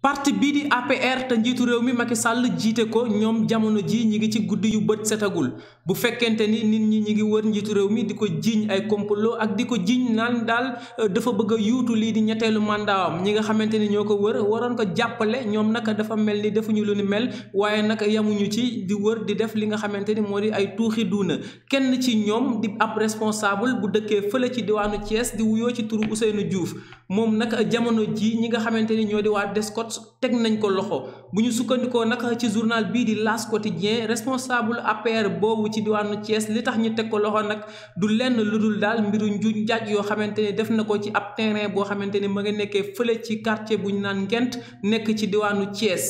parti bii di APR te njiitu réew mi Macky Sall jiite ko ñoom jamono ji ñi ngi ci guddi yu bët setagul bu fekkente ni nit ñi ñi ngi wër njiitu réew mi di ko jiiñ ay complot ak di ko naan daal euh, dafa bëgg a yuutu lii di ñetteelu mandaawam ñi nga xamante ni ñoo ko wër waroon ko jàppale ñoom naka dafa mel ni defuñu lu mel waaye nag yamuñu ci di wër di def li nga xamante ni moo di ay tuuxi duuna kenn ci ñoom di ab responsable bu dëkkee fële ci diwaanu Thiès di wuyoo ci turu Ousseynou Diouf moom ji ñi nga xamante ni ñoo di waa Vox teg nañ ko loxo bu ñu sukkandikoo nag ci journal bii di L'As Quotidien responsable APR boobu ci diwaanu Thiès li tax ñu teg ko loxo nag du lenn lu dul daal mbiru njuñ njaaj yoo xamante ne def na ko ci ab terrain boo xamante ni mu ngi nekkee fële ci quartier bu ñu naan Ngent nekk ci diwaanu Thiès.